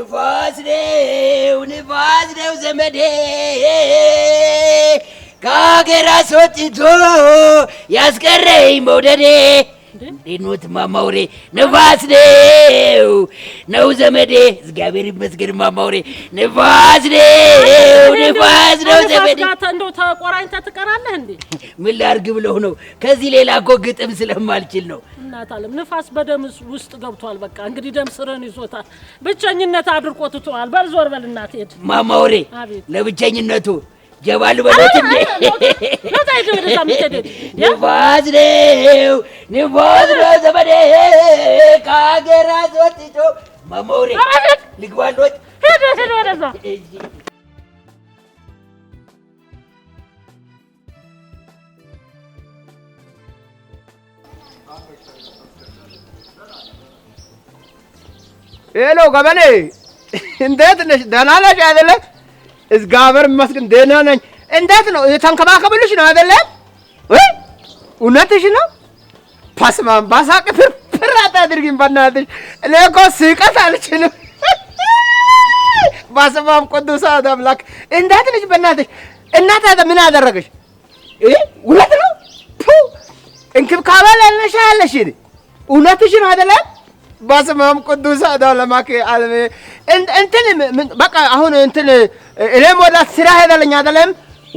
ንፋስ ነው ንፋስ ነው ዘመዴ ከሀገር አስወጥቶ ያስቀረኝ መውደዴ። እንዴት ነው ንፋስ ነው ነው ዘመዴ። እግዚአብሔር ይመስገን እማማ አውሬ። ንፋስ ነው ንፋስ ነው ዘመዴ። እንደው ተቆራኝተህ ትቀራለህ እንዴ? ምን ላድርግ ብለው ነው። ከዚህ ሌላ እኮ ግጥም ስለማልችል ነው በእናት አለም ንፋስ በደም ውስጥ ገብቷል። በቃ እንግዲህ ደም ስርን ይዞታል። ብቸኝነት አድርቆ ትቷል። በል ዞር በል እናት ሄድ ማማ ወሬ ለብቸኝነቱ ጀባል በለት ንፋስ ነው ንፋስ ነው ዘመዴ ከሀገር አስወጥቶ ማማ ወሬ ሄድ ሄድ ወደዛ ሄሎ ገበኔ እንዴት ነሽ? ደህና ነሽ አይደለ? እግዚአብሔር ይመስገን ደህና ነኝ። እንዴት ነው የተንከባከብልሽ ነው አይደለ? እውነትሽ ነው። ፓስማ ባሳቅ ፍርፍር አታድርጊኝ በእናትሽ። እኔ እኮ ስቀት አልችልም። በስመአብ ቅዱስ አምላክ። እንዴት ነሽ በእናትሽ? እናት ምን አደረገሽ? እውነት ነው እንክብካቤ ላይ ነሽ ያለሽ እውነትሽ ነው አይደለም በስመአብ ቅዱስ አዳ ለማክ አልሜ እንትን በቃ አሁን እንትን እኔም ወደ ስራ ሄደለኝ አይደለም፣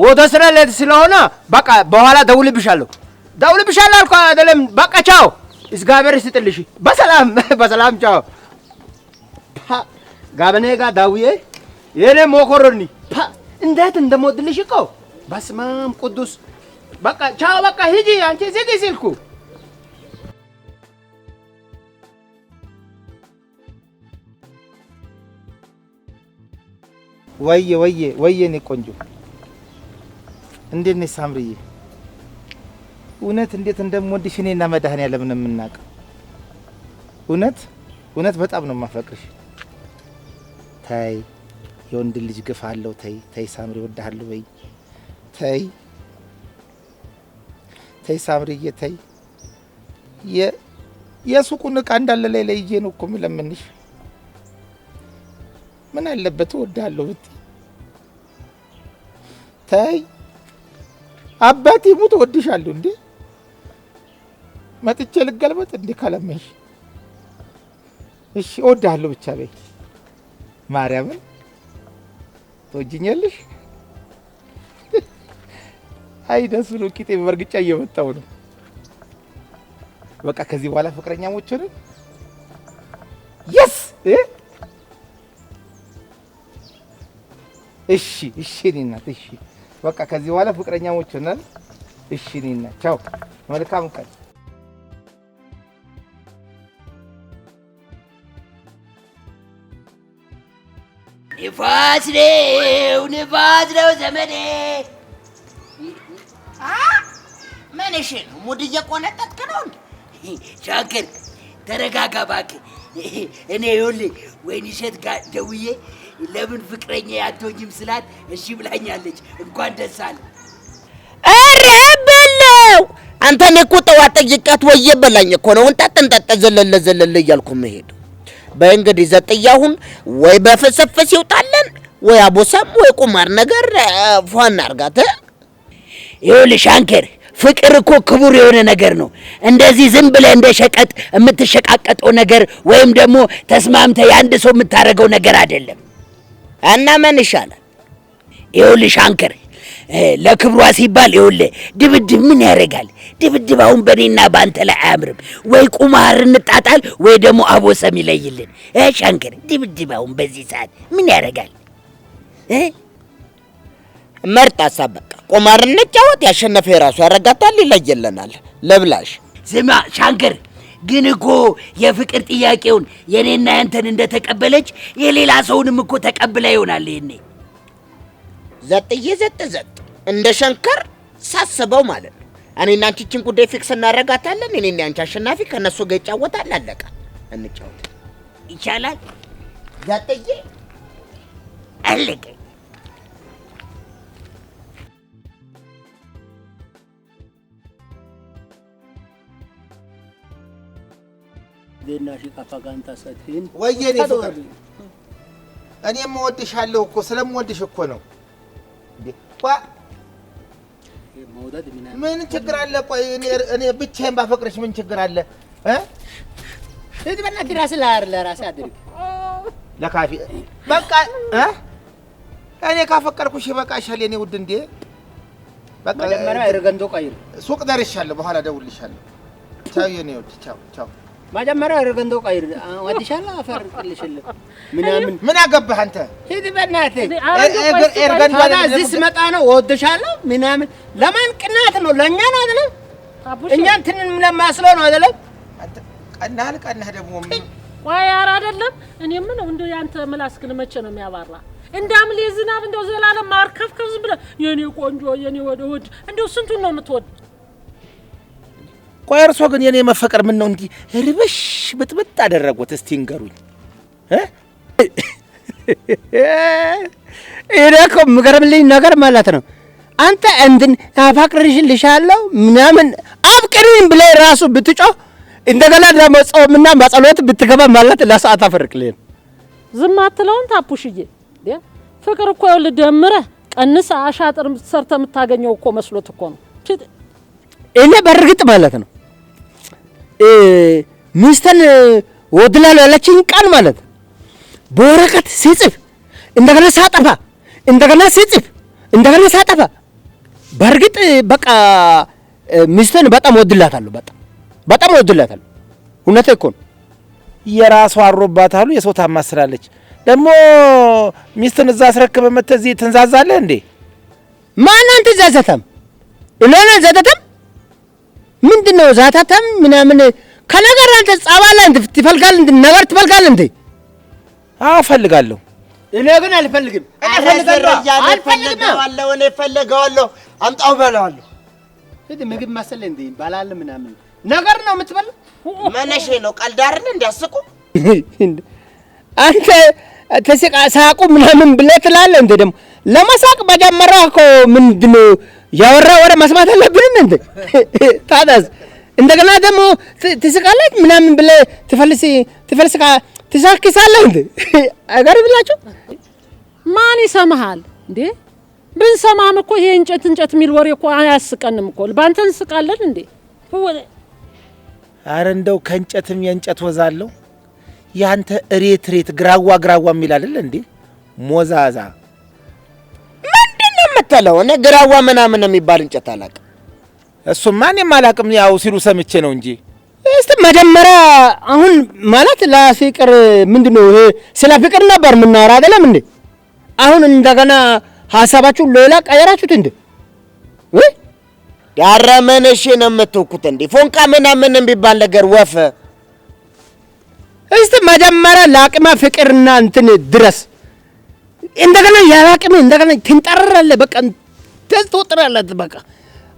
ወደ ስራ ልሄድ ስለሆነ በቃ በኋላ ደውልብሻለሁ፣ ደውልብሻለሁ አልኩ አይደለም። በቃ ቻው፣ እግዚአብሔር ይስጥልሽ። በሰላም በሰላም ቻው። ጋበኔ ጋር ዳውዬ የኔ ሞኮሮኒ እንዴት እንደሞድልሽ እኮ በስመ አብ ቅዱስ። በቃ ቻው፣ በቃ ሂጂ አንቺ ዝጊ ስልኩ ወየ ወየ ወየ ኔ ቆንጆ እንዴት ነሽ ሳምርዬ? እውነት እንዴት እንደምወድሽ እኔና መድኃኒዓለም ነው የምናውቀው። እውነት እውነት በጣም ነው የማፈቅርሽ። ተይ የወንድ ልጅ ግፍ አለው። ተይ ተይ ሳምሪ እወድሃለሁ በይ። ተይ ተይ ሳምሪዬ ተይ። የሱቁን እቃ እንዳለ ላይ ለይጄ ነው እኮ የምለምንሽ ምን አለበት ወዳለው ብትይ ተይ አባቴ ሙት እወድሻለሁ እንዴ መጥቼ ልገልበጥ እንዴ ካለመሽ እሺ እወድሃለሁ ብቻ በይ ማርያምን ትወጂኛለሽ አይ ደስ ብሎ ቂጤ በርግጫ እየመጣው ነው በቃ ከዚህ በኋላ ፍቅረኛሞች ሆነን የስ እሺ፣ እሺ የእኔ እሺ። በቃ ከዚህ በኋላ ፍቅረኛ ፍቅረኛሞች ሆናል። እሺ የእኔ ቻው፣ መልካም ቀን። ንፋስ ነው ንፋስ ነው ዘመዴ። እሺ ነው? ሙድ እየቆነጠጥክ ነው። ሻገር ተረጋጋ እባክህ። እኔ ይኸውልህ ሸት ጋር ደውዬ ለምን ፍቅረኛ ያቶኝም ስላት እሺ ብላኛለች። እንኳን ደስ አለ። ኧረ በለው አንተን እኮ ጠዋት ጠይቃት በላኝ እኮ ነው እንጠጥ እንጠጥ ዘለለ ዘለለ እያልኩ መሄድ በእንግዲህ ዘጥያሁን ወይ በፈሰፈስ ይውጣለን ወይ አቦሳም ወይ ቁማር ነገር ፏን አርጋተ ይኸውልሽ አንከር ፍቅር እኮ ክቡር የሆነ ነገር ነው። እንደዚህ ዝም ብለህ እንደ ሸቀጥ የምትሸቃቀጠው ነገር ወይም ደግሞ ተስማምተ የአንድ ሰው የምታደርገው ነገር አይደለም። እና ምን ይሻላል? ይኸውልሽ አንከር ለክብሯ ሲባል ይኸውልህ ድብድብ ምን ያደርጋል? ድብድብ አሁን በእኔና በአንተ ላይ አያምርም። ወይ ቁማር እንጣጣል ወይ ደግሞ አቦሰም ይለይልን። እሺ አንከር ድብድብ አሁን በዚህ ሰዓት ምን ያደርጋል? መርጥ ሀሳብ በቃ ቁማር እንጫወት። ያሸነፈ የራሱ ያረጋታል፣ ይለይልናል። ለብላሽ ስማ ሻንከር ግን እኮ የፍቅር ጥያቄውን የእኔና ያንተን እንደተቀበለች የሌላ ሰውንም እኮ ተቀብላ ይሆናል። ይሄኔ ዘጥዬ ዘጥ ዘጥ እንደ ሸንከር ሳስበው ማለት ነው። እኔና አንቺችን ጉዳይ ፊክስ እናደርጋታለን። እኔና አንቺ አሸናፊ ከእነሱ ጋር ይጫወታል። አለቀ። እንጫወት ይቻላል። ዘጥዬ አለቀ። ዜናሽ ካፋጋንታ ሰጥህን ወየኔ ፍቅር፣ እኔም እወድሻለሁ እኮ ስለምወድሽ እኮ ነው። ምን ችግር አለ? ቆይ እኔ ብቻዬን ባፈቅርሽ ምን ችግር አለ? እዚህ በእናትህ ድራስ ላር ለራስህ አድርግ ለካፊ በቃ እኔ ካፈቀርኩሽ ይበቃሻል የኔ ውድ። እንዴ በቃ ለማራ መጀመሪያ ሱቅ ደርሻለሁ፣ በኋላ ደውልሻለሁ። ቻው የኔ ውድ፣ ቻው ቻው። መጀመሪያ ረገንዶ ቀይር ወዲሻላ አፈር ቅልሽል ምናምን ምን አገባህ አንተ? ሂድ በእናትህ ታዲያ እዚህ ስመጣ ነው ወድሻላ ምናምን። ለማን ቅናት ነው? ለእኛ ነው አይደለም? እኛን ትን ለማስሎ ነው አይደለም? ቀናህ ደግሞ ቆይ፣ ኧረ አይደለም። እኔ ምን እንደው ያንተ ምላስ ግን መቼ ነው የሚያባራ? እንዳምሌ ዝናብ እንደው ዘላለም ማርከፍከፍ ዝም ብለህ የኔ ቆንጆ የኔ ወደ ወድ እንደው ስንቱን ነው የምትወድ ቆይ እርሶ ግን የኔ መፈቀር ምን ነው እንዲህ ርብሽ ብጥብጥ አደረጉት? እስቲ ንገሩኝ። ይሄ እኮ የምገርምልኝ ነገር ማለት ነው። አንተ እንትን አፈቅርልሻለሁ ምናምን አብቅሪኝ ብለህ ራሱ ብትጮ እንደገና ደግሞ ጾምና በጸሎት ብትገባ ማለት ለሰዓት አፈርቅልኝ ዝም አትለውን። ታፑሽዬ ፍቅር እኮ ይኸውልህ ደምረህ ቀንስ አሻጥር ሰርተህ የምታገኘው እኮ መስሎት እኮ ነው። እኔ በእርግጥ ማለት ነው ሚስተን ወድላሉ ያለችኝ ቃል ማለት በወረቀት ሲጽፍ እንደገና ሳጠፋ እንደገና ሲጽፍ እንደገና ሳጠፋ። በእርግጥ በቃ ሚስተን በጣም ወድላታለሁ፣ በጣም በጣም ወድላታለሁ። እውነት እኮ ነው። የራሷ አሮባታሉ የሰው ታማስላለች። ደግሞ ሚስትን እዛ አስረክበህ መተህ እዚህ ትንዛዛለህ እንዴ? ማናን ትንዛዘተም እሎነ ዘተተም ምንድን ነው ዛታታም ምናምን ከነገር አንተ ጻባላ እንት ትፈልጋል እንት ነገር ትፈልጋል እንት አፈልጋለሁ። እኔ ግን አልፈልግም። እኔ ፈልጋለሁ አልፈልግም። እኔ ፈልጋለሁ አምጣው በላለሁ። እዚህ ምግብ ማሰለ እንዴ ባላል ምናምን ነገር ነው የምትበል መነሽ ነው ቀልዳርን እንዲያስቁ አንተ ተስቃ ሳቁ ምናምን ብለህ ትላለህ። እንዴ ደግሞ ለመሳቅ መጀመሪያ እኮ ምንድን ነው ያወራ ወረ መስማት አለብንም እንዴ? ታዳስ እንደገና ደግሞ ትስቃለች ምናምን ብለ ትፈልስ ትፈልስካ ትሳክሳለህ እንዴ? አገር ብላችሁ ማን ይሰማሃል እንዴ? ብንሰማም እኮ ይሄ እንጨት እንጨት የሚል ወሬ እኮ አያስቀንም እኮ። ባንተ እንስቃለን እንዴ? አረ እንደው ከእንጨትም የእንጨት ወዛለው ያንተ እሬት ሬት ግራዋ ግራዋ የሚል አይደል እንዴ? ሞዛዛ የምትለው? እኔ ግራዋ ምናምን የሚባል እንጨት አላውቅም። እሱማ እኔም አላውቅም፣ ያው ሲሉ ሰምቼ ነው እንጂ። እስቲ መጀመሪያ አሁን ማለት ለፍቅር ምንድን ነው ይሄ? ስለ ፍቅር ነበር የምናወራ አይደለም እንዴ? አሁን እንደገና ሀሳባችሁ ሌላ ቀየራችሁት እንዴ? ወይ ምን እሺ ነው የምትውኩት እንዴ? ፎንቃ ምናምን የሚባል ነገር ወፍ። እስቲ መጀመሪያ ለአቅመ ፍቅርና እንትን ድረስ እንደገና ያራቅም እንደገና ትንጠረራለህ። በቃ ደስ በቃ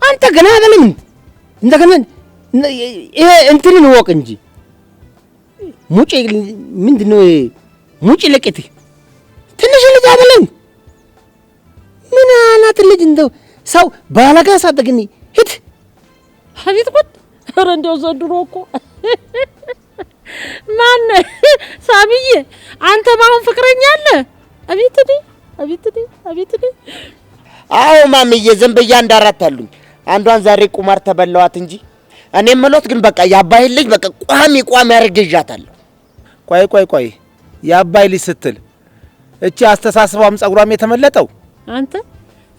አንተ ገና አይደለም። እንደገና ይሄ እንትንን ወቅ እንጂ ሙጭ ምንድን ነው? ሙጭ ልቅት ትንሽ ልጅ አይደለም። ምን አላት ልጅ እንደው ሰው ባለጋ ሳደግኒ ሂድ አቤት ወጥ ኧረ እንደው ዘንድሮ እኮ ማን ሳሚዬ፣ አንተ ማሁን ፍቅረኛ አለ አቤት እኔ አቤት እኔ አቤት እኔ አዎ ማምዬ ዝም ብዬ አንድ አራት አሉኝ። አንዷን ዛሬ ቁማር ተበላዋት እንጂ እኔ ምሎት ግን በቃ የአባይ ልጅ በቃ ቋሚ ቋሚ አድርጌ ይዣታለሁ። ቆይ ቆይ ቆይ የአባይ ልጅ ስትል እቺ አስተሳሰቧም ጸጉሯም የተመለጠው አንተ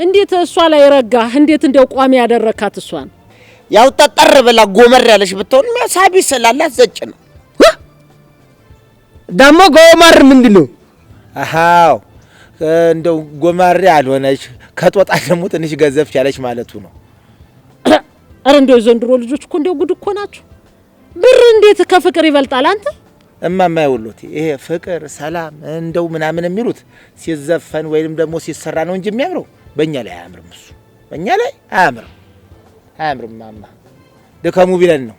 እንዴት እሷ ላይ ረጋ እንዴት እንደው ቋሚ ያደረካት እሷን ያው ጠጠር ብላ ጎመር ያለሽ ብትሆን ሳቢ ስላላት ዘጭ ነው ደግሞ ጎመር ምንድን ነው? አሃው እንደው ጎማሬ አልሆነች ከጦጣ ደግሞ ትንሽ ገዘፍ ያለች ማለቱ ነው። አረ እንደው ዘንድሮ ልጆች እኮ እንደው ጉድ እኮ ናቸው። ብር እንዴት ከፍቅር ይበልጣል? አንተ እማማ ይውሉት ይሄ ፍቅር ሰላም እንደው ምናምን የሚሉት ሲዘፈን ወይም ደግሞ ሲሰራ ነው እንጂ የሚያምረው በእኛ ላይ አያምርም። እሱ በእኛ ላይ አያምርም፣ አያምርም። ማማ ድከሙ ቢለን ነው።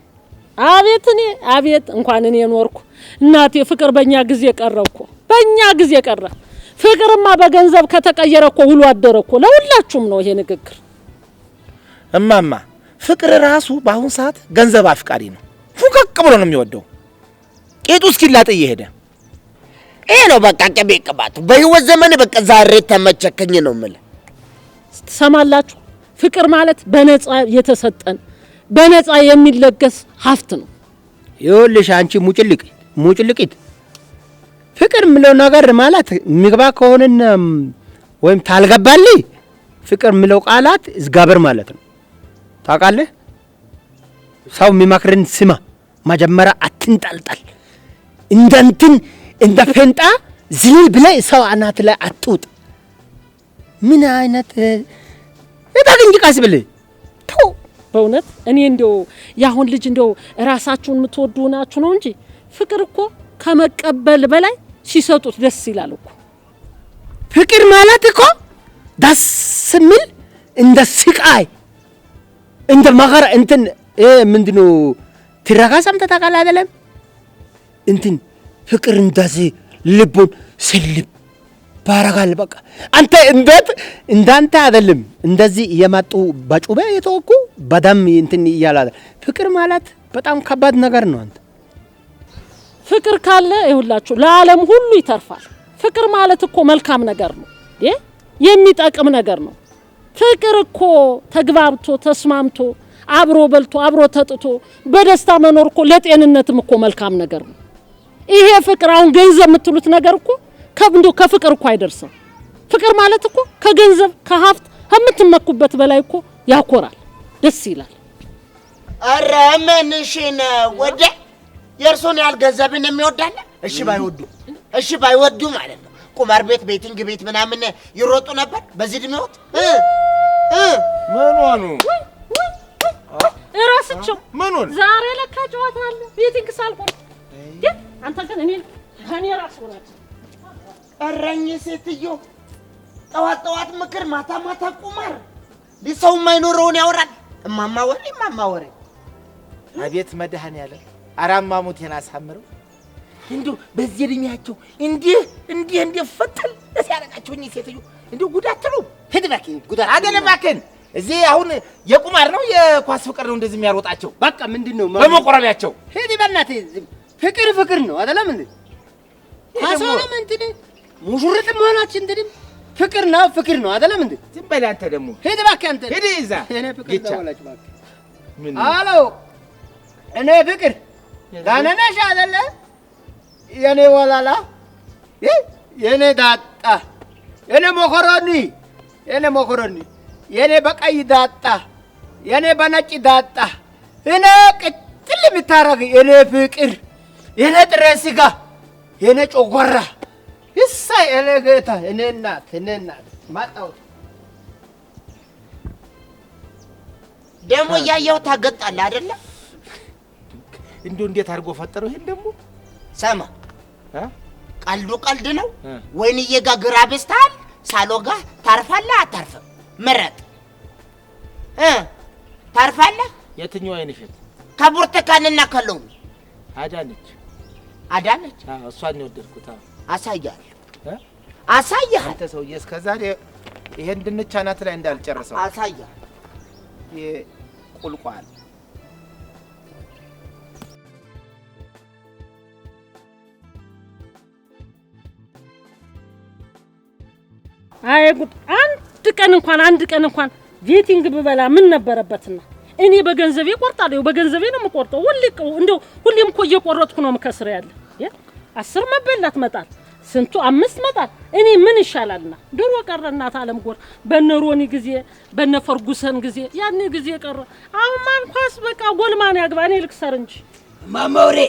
አቤት እኔ አቤት እንኳን እኔ ኖርኩ እናቴ፣ ፍቅር በእኛ ጊዜ ቀረብኩ በእኛ ጊዜ ቀረ። ፍቅርማ በገንዘብ ከተቀየረ እኮ ውሎ አደረ እኮ። ለሁላችሁም ነው ይሄ ንግግር። እማማ ፍቅር ራሱ በአሁን ሰዓት ገንዘብ አፍቃሪ ነው። ፉቀቅ ብሎ ነው የሚወደው። ቄጡ እስኪላጥ እየሄደ ይሄ ነው በቃ ቅቤ ቅባቱ። በህይወት ዘመን በቃ ዛሬ ተመቸከኝ ነው የምልህ። ትሰማላችሁ? ፍቅር ማለት በነጻ የተሰጠን በነጻ የሚለገስ ሀብት ነው። ይኸውልሽ አንቺ ሙጭልቅ ሙጭልቂት ፍቅር የምለው ነገር ማለት ምግባ ከሆንን ወይም ታልገባል ፍቅር የምለው ቃላት እዝጋብር ማለት ነው። ታውቃለህ፣ ሰው የሚመክርን ስማ። መጀመሪያ አትንጠልጠል። እንደንትን እንደ ፌንጣ ዝልል ብለህ ሰው አናት ላይ አትውጥ። ምን አይነት እባክህ እንጂ ቀስ ተው። በእውነት እኔ እንደው የአሁን ልጅ እንደው ራሳችሁን የምትወዱ ናችሁ ነው እንጂ ፍቅር እኮ ከመቀበል በላይ ሲሰጡት ደስ ይላል እኮ። ፍቅር ማለት እኮ ደስ የሚል እንደ ስቃይ እንደ መከራ እንትን ምንድን ነው ትረካ ሰምተህ ታውቃለህ አይደለም? እንትን ፍቅር እንደዚህ ልቡን ስልብ ባረጋል። በቃ አንተ እንዴት እንዳንተ አይደለም እንደዚህ የመጡ በጩቤ የተወጉ በደም እንትን እያለ ፍቅር ማለት በጣም ከባድ ነገር ነው አንተ ፍቅር ካለ ይሁላችሁ ለዓለም ሁሉ ይተርፋል። ፍቅር ማለት እኮ መልካም ነገር ነው፣ የሚጠቅም ነገር ነው። ፍቅር እኮ ተግባብቶ ተስማምቶ አብሮ በልቶ አብሮ ተጥቶ በደስታ መኖር እኮ ለጤንነትም እኮ መልካም ነገር ነው። ይሄ ፍቅር አሁን ገንዘብ የምትሉት ነገር እኮ ከብንዶ ከፍቅር እኮ አይደርስም። ፍቅር ማለት እኮ ከገንዘብ ከሀብት ከምትመኩበት በላይ እኮ ያኮራል፣ ደስ ይላል። አረ ምንሽ ነው ወደ የእርሶን ያህል ገንዘብን የሚወዳለ? እሺ ባይወዱ እሺ ባይወዱ ማለት ነው። ቁማር ቤት፣ ቤቲንግ ቤት ምናምን ይሮጡ ነበር በዚህ እድሜዎት? ምኗኑ እረስቸው ምኑን? ዛሬ ለካ ጨዋታ አለ። ቤቲንግ ሳልሆን ግን አንተ ግን እኔ ከኔ ራስ ወራት እረኝ ሴትዮ፣ ጠዋት ጠዋት ምክር፣ ማታ ማታ ቁማር። ሊሰው የማይኖረውን ያወራል። እማማ ወሬ እማማ ወሬ። አቤት መድኃኔዓለም አራማሙቴን አሳምረው እንዲሁ በዚህ እድሜያቸው እንዲህ እንዲህ እንዲህ ደስ እኚህ ሴትዮ ሂድ እባክህ ጉዳት እባክህን። እዚህ አሁን የቁማር ነው የኳስ ፍቅር ነው እንደዚህ የሚያሮጣቸው። በቃ ምንድን ነው በመቆረቢያቸው። ሂድ በእናትህ ፍቅር ፍቅር ነው አይደለም እንዴ? እንትን እንትንም ፍቅር ነው ፍቅር ነው አይደለም እንዴ? ዝም በል አንተ ደግሞ ሂድ እባክህ አንተ ሂድ። እዛ እኔ ፍቅር ደወላች እባክህ። አሎ እኔ ፍቅር ደህና ነሽ አይደለ? የኔ ወላላ፣ የኔ ዳጣ፣ የኔ ሞኮሮኒ፣ የኔ ሞኮሮኒ፣ የኔ በቀይ ዳጣ፣ የኔ በነጭ ዳጣ፣ የኔ ቅጥል የምታረግ የኔ ፍቅር፣ የኔ ጥሬ ስጋ፣ የኔ ጮጓራ፣ እሳይ የኔ ጌታ፣ የኔ እናት፣ የኔ እናት ማጣሁት ደግሞ እያየሁ ታገጣለህ አይደለ? እንዶ እንዴት አድርጎ ፈጠረው? ይሄን ደግሞ ሰማ ቀልዱ ቀልድ ነው። ወይንዬ ጋ ግራ በስታል ሳሎ ጋ ታርፋለህ አታርፍም? ምረጥ እ ታርፋለህ የትኛው አይን ፊት ከብርቱካንና ከሎሚ አዳነች አዳነች። እሷን የወደድኩት አሳያለሁ አሳያለሁ። አንተ ሰውዬ እስከ ዛሬ ይሄን ድንች አናት ላይ እንዳልጨርሰው አሳያለሁ። ቁልቋል አይ ጉድ! አንድ ቀን እንኳን አንድ ቀን እንኳን ቬቲንግ ብበላ ምን ነበረበትና? እኔ በገንዘቤ ቆርጣለሁ። በገንዘቤ ነው የምቆርጠው። ሁሌ እንደው ሁሌም እኮ እየቆረጥኩ ነው የምከስር ያለ አስር መበላት መጣል ስንቱ አምስት መጣል። እኔ ምን ይሻላልና ድሮ ቀረ እናት አለም ጎር በነ ሮኒ ጊዜ በነ ፈርጉሰን ጊዜ ያን ጊዜ ቀረ። አሁን ማን በቃ ጎልማን ያግባ እኔ ልክሰር እንጂ ማማውሬ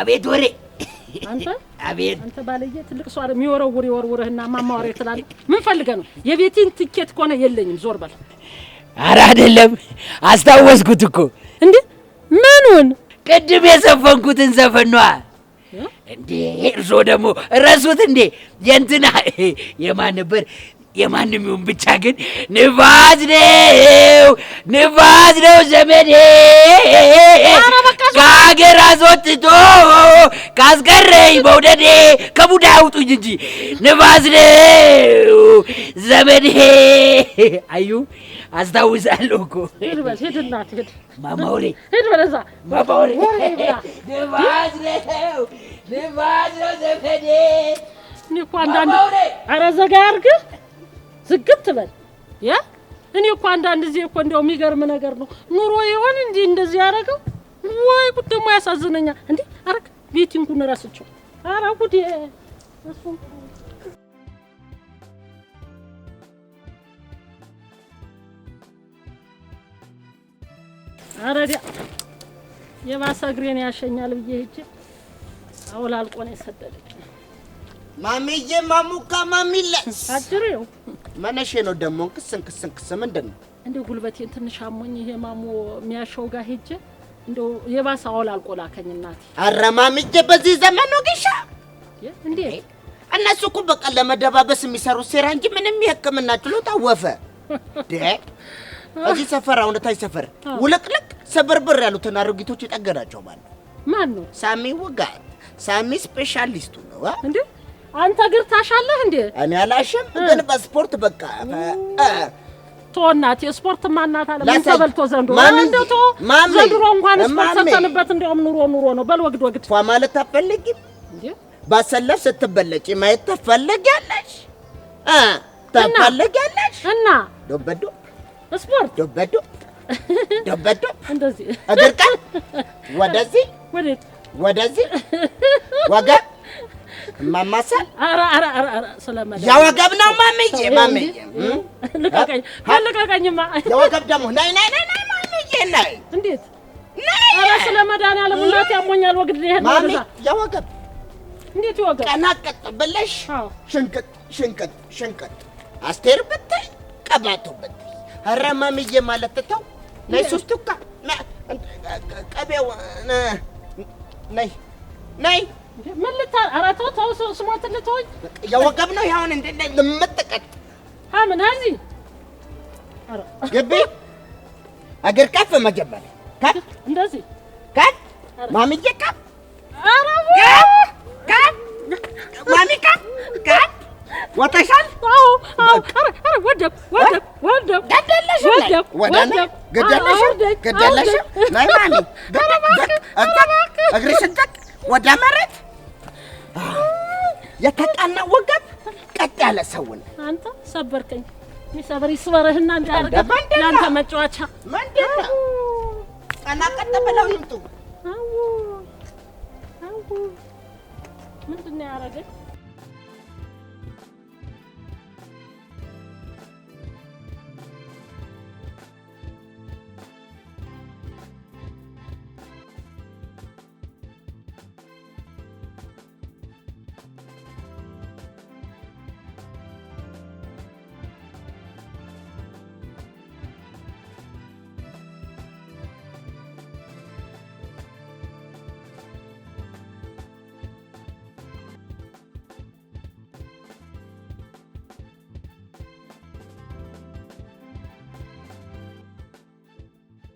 አቤት ወሬ አንተ አቤት፣ አንተ ባለየ ትልቅ ሰው አይደል? የሚወረውር ይወርውርህና ማማወር ትላለህ። ምን ፈልገህ ነው? የቤቴን ትኬት ከሆነ የለኝም፣ ዞር በል። ኧረ አይደለም፣ አስታወስኩት እኮ እንዴ። ምኑን? ቅድም የዘፈንኩትን ዘፈን ነዋ። እንዴ እርስዎ ደግሞ ረሱት እንዴ? የእንትና የማን ነበር? የማንም ይሁን ብቻ ግን ንፋስ ነው፣ ንፋስ ነው ዘመዴ ከሀገር አስወጥቶ ካስቀረኝ በውደዴ ከቡዳ ያውጡኝ እንጂ ንፋስ ነው ዘመዴ። አዩ አስታውሳለሁ እኮ ማማውሬ ማማውሬ ንፋስ ነው እኔ እኮ አንዳንድ ኧረ ዘጋ ያድርግህ ዝግት በል እኔ እኮ አንዳንድ ጊዜ እኮ እንደው የሚገርም ነገር ነው ኑሮ ይሆን እንዲህ እንደዚህ ያደረገው ወይ ጉድ ደግሞ ያሳዝነኛል። እንዴ አረክ ቤቲንጉን ረስቸው። አረ ጉድ እሱ አረ ዲያ የባሰ እግሬን ያሸኛል ብዬ ሂጅ አውል አልቆ ነው የሰደደች። ማሚዬ ማሙካ ማሚለ አጅሬው መነሼ ነው ደግሞ ክስን ክስን ክስ ምንድን ነው እንዴ? ጉልበቴን ትንሽ አሞኝ ይሄ ማሞ የሚያሸው ጋር ሂጅ እንደው የባሰ አውል አልቆላከኝ እናቴ። አረማምጄ በዚህ ዘመን ነው ግሻ እንዴ! እነሱ እኮ በቃ ለመደባበስ የሚሰሩት ሴራ እንጂ ምንም የሕክምና ችሎታ ወፈ እዚህ ሰፈር አሁን ታች ሰፈር ውልቅልቅ ስብርብር ያሉትን አሮጊቶች የጠገናቸው ማለት ማን ነው? ሳሚ ውጋት። ሳሚ ስፔሻሊስቱ ነው እንዴ! አንተ እግር ታሻለህ እንዴ? እኔ አላሽም ግን በስፖርት በቃ ቶናት የስፖርት ማናት አለ ምን ተበልቶ ዘንድሮ እንደቶ ዘንድሮ እንኳን ስፖርት ሰተንበት እንደውም ኑሮ ኑሮ ነው። በል ወግድ ወግድ ፏ ማለት አትፈልጊም እንዴ? ባሰለፍ ስትበለጪ ማየት ትፈልጊያለሽ እ ትፈልጊያለሽ እና ዶበዶ ስፖርት ዶበዶ ዶበዶ እንደዚህ እግር ቀን ወደዚህ ወደዚህ ወገብ እማማሳ ኧረ ኧረ ኧረ ስለማዳም ያወገብ ነው ማምዬ ማምዬ ልቀቀኝ ልቀቀኝማ ያወገብ ደግሞ ነይ ነይ ነይ ነይ ነይ እንዴት ነይ ኧረ ስለመድኃኒዓለም እናቴ ያሞኛል ወግድ ነው ይሄን ማምዬ ያወገብ እንዴት ይወገብ ቀና ብለሽ ሽንቅጥ ሽንቅጥ ሽንቅጥ አስቴር ብታይ ቀባቶ ብታይ ኧረ ማምዬ ማለት ተው ነይ ሶስቱካ ነይ ቀቤው ነይ ነይ ምን ልታ ኧረ ተው ተው ስሞት ልትሆኝ ነው ሀምን ሀዚ ግቢ እግር ከፍ መጀመሪያ ከፍ እንደዚህ ከፍ ማሚዬ ከፍ ማሚ ከፍ ከፍ ወደብ ወደብ ወደብ ገደለሽ ወደብ ገደለሽ ገደለሽ ማሚ እግርሽን ጠቅ ወደ መሬት የተቃና ወገብ ቀጥ ያለ ሰውን አንተ ሰበርከኝ። ሚሰበር ይስበርህና እንዳርገ ለአንተ መጫወቻ ምንድን ነው? ቀና ቀጥ ብለው ይምጡ። ምንድን ነው ያደረገኝ?